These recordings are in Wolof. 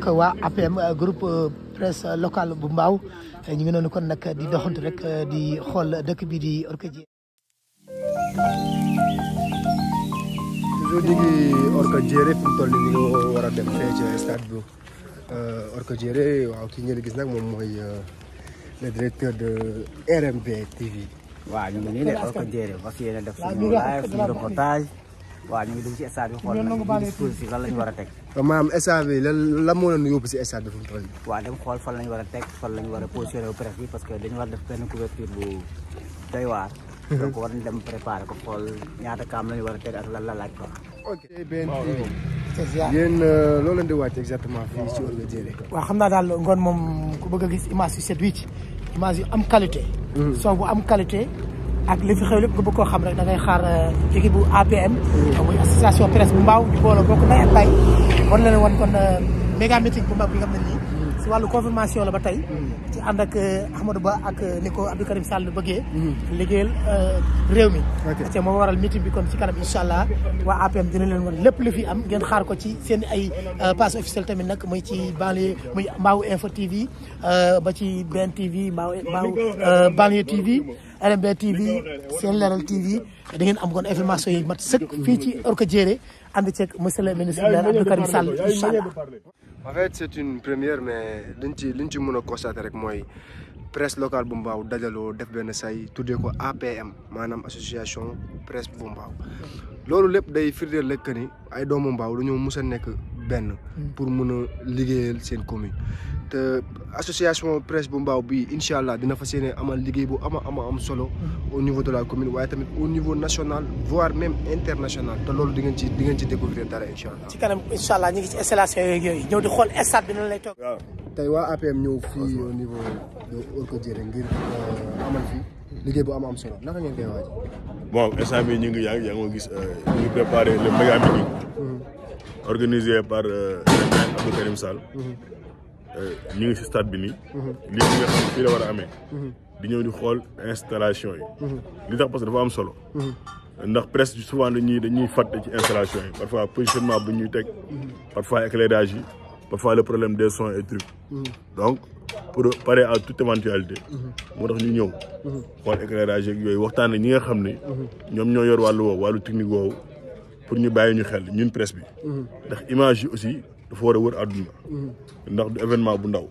waa APM euh, group euh, presse euh, locale bu Mbao ñu ngi noonu kon nag di doxantu rek di xool dëkk bi di Orkadiéré. toujours ñu ngi Orkadiéré toll nii ñu ngi war a dem bu Orkadiéré waaw ki ngeen gis nag moom mooy le directeur de RMB TV. def waaw ñu ngi dugg ci stade bi lañu war a teg maanaam stade bi lan yóbbu si stade bi mu toll waaw dem xool fan lañu war a teg lañu war a positionné bu parce que dañu war a def benn couverture bu doy waar mhm. donc war nañ dem préparé ko xool ñaata kaam lañu war a teg ak lan la laaj ko ok yéen euh, loolu leen di wàcc exactement fii ci Orga Djily waaw xam naa daal ngoon moom ku bëgg a gis image yu set wicc image yu am qualité mhm. son am qualité ak li fi xew lépp nga bëgg koo xam rek da ngay xaar euh, équipe bu APM. muy association presse bu mbaaw ñu boole bokk ndey ak baay. war na leen euh, bu mag si wàllu confirmation la ba tey. ci ak euh, Amadou Ba ak ni ko Abdou Karim Sall mhm. réew mi. moo waral meeting bi kon si allah waa dina leen wan lépp lu fi am ngeen xaar ko ci seen ay passe officielle tamit nag muy ci banlieue muy Mbaaw Info TV ba ci BN TV Mbaaw Mbaaw banlieue TV. RMB TV seen leeral da ngeen am kon information yi mat sëkk fii ci Orkadiéré ànd ceeg monsieur le ministre de Abdou Karim Sall incha première mais liñ ci liñ ci mën a constater rek mooy presse locale bu Mbao dajaloo def benn say tuddee ko APM maanaam association presse bu loolu lépp day firndeel rek ni ay doomu Mbao dañoo mus a nekk benn. Hmm. pour mën a liggéeyal seen commune. te association presse bu mbaaw bi incha allah dina fas yéene amal liggéey bu ama ama am solo au niveau de la commune waaye tamit au niveau national voire même international te loolu di ngeen ci di ngeen ci découvrir dara incha allah. ci kanam incha allah ñu ngi ci installation yooyu ñëw di xool stade ñëw fii au niveau de Orkadiéré ngir euh, amal fii am solo naka ngeen bon instant bii ñu ngi yaa ngi yaa gis euh, ñu ngi préparé Euh, ñu ngi si stade bi nii. Mhm. li nga xam fii la war a amee. Mhm. di ñëw di xool installation yi. Mhm. li tax parce que dafa am solo. ndax presse souvent dañuy dañuy fàtte ci installation yi parfois positionnement bu ñuy teg. parfois éclairage yi parfois le problème des sons et trucs. donc pour parer à toute éventualité. moo tax ñu ñëw. xool éclairage yeeg yooyu waxtaan ñi nga xam ne. ñoom ñoo yor wàllu woowu wàllu technique woowu pour ñu bàyyi ñu xel ñun presse bi. ndax image yi aussi. dafa war a wër àdduna. ndax du événement bu ndaw.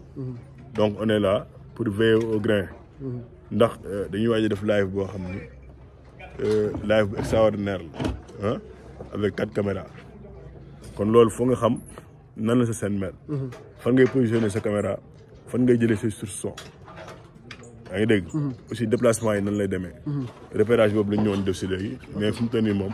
donc on est là pour veiller au grain. ndax euh, dañuy waaj def live boo xam ni euh, live bu extraordinaire la avec quatre caméras kon loolu foo nga xam nan la sa scène mel. fan ngay positionner sa caméra fan ngay jëlee sa son yaa ngi dégg. Mhm. aussi déplacement yi nan lay demee. Mhm. repérage boobu la ñu ñëwoon def si léegi mais fu mu toll nii moom.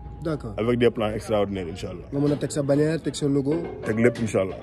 d' accord avec des plans extraordinaires incha allah. nga mën a sa bannière teg sa logo. teg lépp incha allah.